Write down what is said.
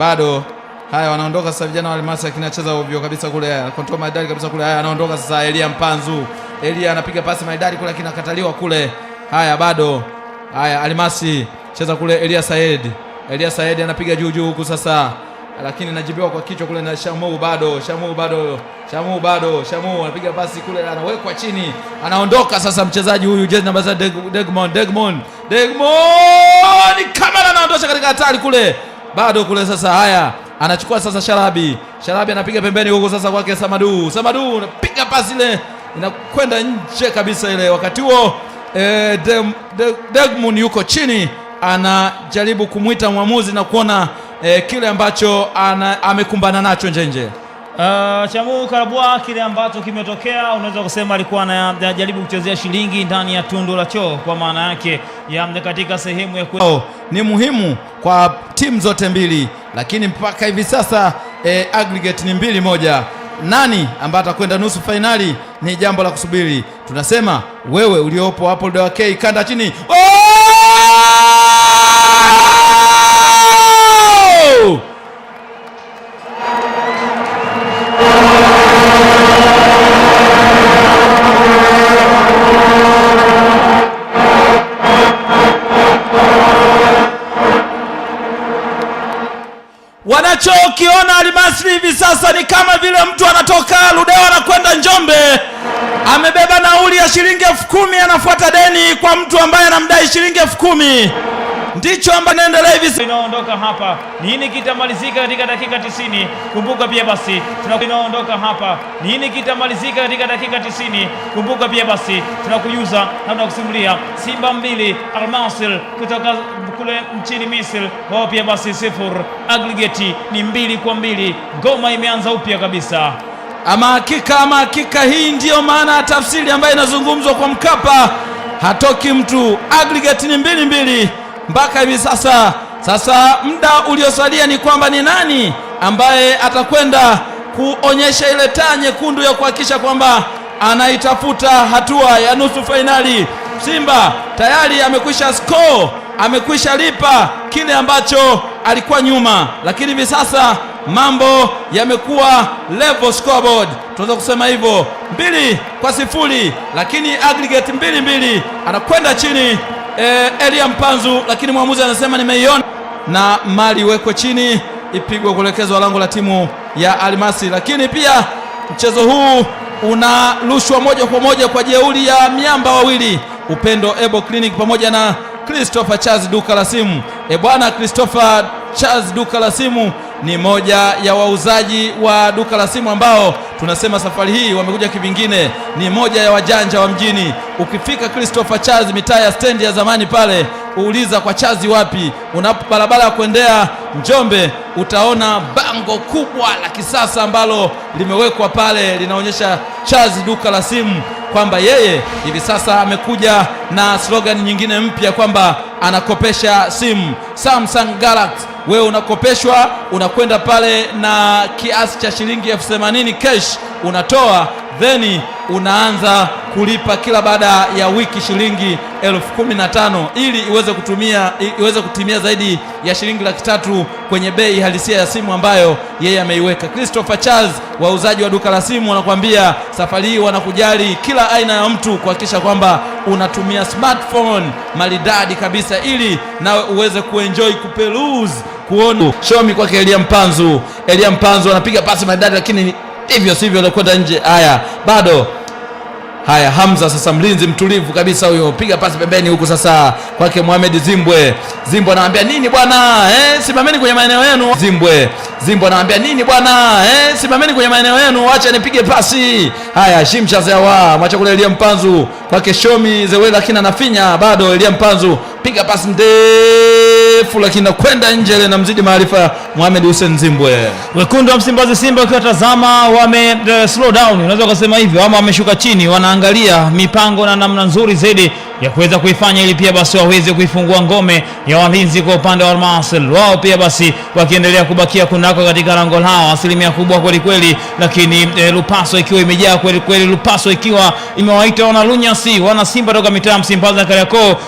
Bado haya wanaondoka sasa, vijana wa Almasi akinacheza ovyo kabisa kule, haya kontrol maidari kabisa kule. Haya anaondoka sasa, Elia Mpanzu, Elia anapiga pasi maidari kule, lakini akataliwa kule. Haya bado haya, Almasi cheza kule, Elia Said, Elia Said anapiga juu juu huku sasa, lakini najibiwa kwa kichwa kule na Shamu. Bado Shamu, bado Shamu, bado Shamu anapiga pasi kule, anawekwa chini, anaondoka sasa mchezaji huyu jezi namba Degmon, Degmon, Degmon, Degmon, kamera anaondosha katika hatari kule bado kule sasa. Haya, anachukua sasa Sharabi. Sharabi anapiga pembeni huko sasa kwake Samadu. Samadu anapiga pasi ile inakwenda nje kabisa ile. Wakati huo e, Degmund de, yuko chini anajaribu kumwita mwamuzi na kuona e, kile ambacho ana, amekumbana nacho njenje. Uh, cha mukarabu kile ambacho kimetokea, unaweza kusema alikuwa anajaribu kuchezea shilingi ndani ya tundu la choo, kwa maana yake ya katika sehemu ya oh, ni muhimu kwa timu zote mbili, lakini mpaka hivi sasa eh, aggregate ni mbili moja. Nani ambaye atakwenda nusu fainali ni jambo la kusubiri. Tunasema wewe uliopo hapo Dawakei, kanda chini oh! anachokiona Almasri hivi sasa ni kama vile mtu anatoka Ludewa anakwenda Njombe, amebeba nauli ya shilingi elfu kumi anafuata deni kwa mtu ambaye anamdai shilingi elfu kumi ndicho ambacho kinaendelea hivi sasa. Inaondoka hapa, nini kitamalizika katika dakika 90? Kumbuka pia basi tunaondoka hapa, nini kitamalizika katika dakika 90? Kumbuka pia basi tunakujuza na tunakusimulia Simba mbili Al Masry kutoka kule nchini Misri, wao pia basi sifur aggregate ni mbili kwa mbili. Ngoma imeanza upya kabisa. Ama hakika, ama hakika, hii ndiyo maana ya tafsiri ambayo inazungumzwa kwa Mkapa, hatoki mtu. Aggregate ni mbili mbili mpaka hivi sasa. Sasa muda uliosalia ni kwamba ni nani ambaye atakwenda kuonyesha ile taa nyekundu ya kuhakikisha kwamba anaitafuta hatua ya nusu fainali. Simba tayari amekwisha score, amekwisha lipa kile ambacho alikuwa nyuma, lakini hivi sasa mambo yamekuwa level scoreboard, tunaweza kusema hivyo, mbili kwa sifuri, lakini aggregate mbili mbili, anakwenda chini e, Elia Mpanzu, lakini mwamuzi anasema nimeiona, na mali iwekwe chini ipigwe kuelekezwa lango la timu ya Almasi. Lakini pia mchezo huu unarushwa moja kwa moja kwa jeuli ya miamba wawili Upendo Ebo Clinic pamoja na Christopher Charles Duka la simu. Eh, bwana, Christopher Charles Duka la simu ni moja ya wauzaji wa duka la simu ambao tunasema safari hii wamekuja kivingine. Ni moja ya wajanja wa mjini. Ukifika Christopher Charles, mitaa ya stendi ya zamani pale, uuliza kwa Chazi wapi, unapo barabara ya kuendea Njombe, utaona bango kubwa la kisasa ambalo limewekwa pale, linaonyesha Chazi duka la simu kwamba yeye hivi sasa amekuja na slogan nyingine mpya kwamba anakopesha simu Samsung Galaxy. Wewe unakopeshwa, unakwenda pale na kiasi cha shilingi elfu themanini cash unatoa theni unaanza kulipa kila baada ya wiki shilingi elfu kumi na tano ili iweze kutumia iweze kutimia zaidi ya shilingi laki tatu kwenye bei halisia ya simu ambayo yeye ameiweka. Christopher Charles, wauzaji wa duka la simu, wanakuambia safari hii wanakujali kila aina ya mtu kuhakikisha kwamba unatumia smartphone maridadi kabisa, ili nawe uweze kuenjoy kuperuse kuona me kwake Elia Mpanzu. Elia Mpanzu anapiga pasi maridadi lakini hivyo sivyo nakwenda nje. Haya, bado haya. Hamza sasa, mlinzi mtulivu kabisa huyo, piga pasi pembeni huku sasa kwake Mohamed Zimbwe. Zimbwe anamwambia nini bwana eh, simameni kwenye maeneo yenu. Zimbwe Zimbwe anamwambia nini bwana eh, simameni kwenye maeneo yenu, acha nipige pasi. Haya, Shimsha zawa mwacha kule Elia Mpanzu kwake Shomi Zewe, lakini anafinya bado. Elia Mpanzu piga pasi ndee refu lakini nakwenda nje ile namzidi maarifa Mohamed Hussein Zimbwe. Wekundu wa Msimbazi Simba tazama wame uh, slow down unaweza kusema hivyo ama wameshuka chini, wanaangalia mipango na namna nzuri zaidi ya kuweza kuifanya ili pia basi waweze kuifungua ngome ya walinzi kwa upande wa Almasel. Wao pia basi wakiendelea kubakia kunako katika lango lao asilimia kubwa kweli kweli, lakini e, Lupaso ikiwa imejaa kweli kweli, Lupaso ikiwa imewaita wana Lunyasi wana Simba toka mitaa Msimbazi na Kariakoo